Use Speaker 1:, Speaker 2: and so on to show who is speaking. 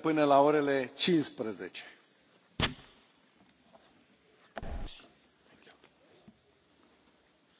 Speaker 1: până la orele. cincisprezece